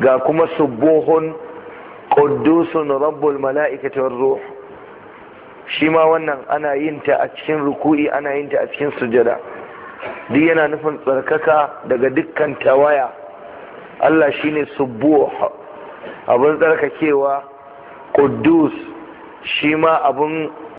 ga kuma subuhun quddusun rabbul mala'ikati ruh shi ma wannan ana yin ta a cikin ruku'i ana yin ta a cikin sujada duk yana nufin tsarkaka daga dukkan tawaya Allah shi ne subuh abin tsarkakewa quddus shi ma abin.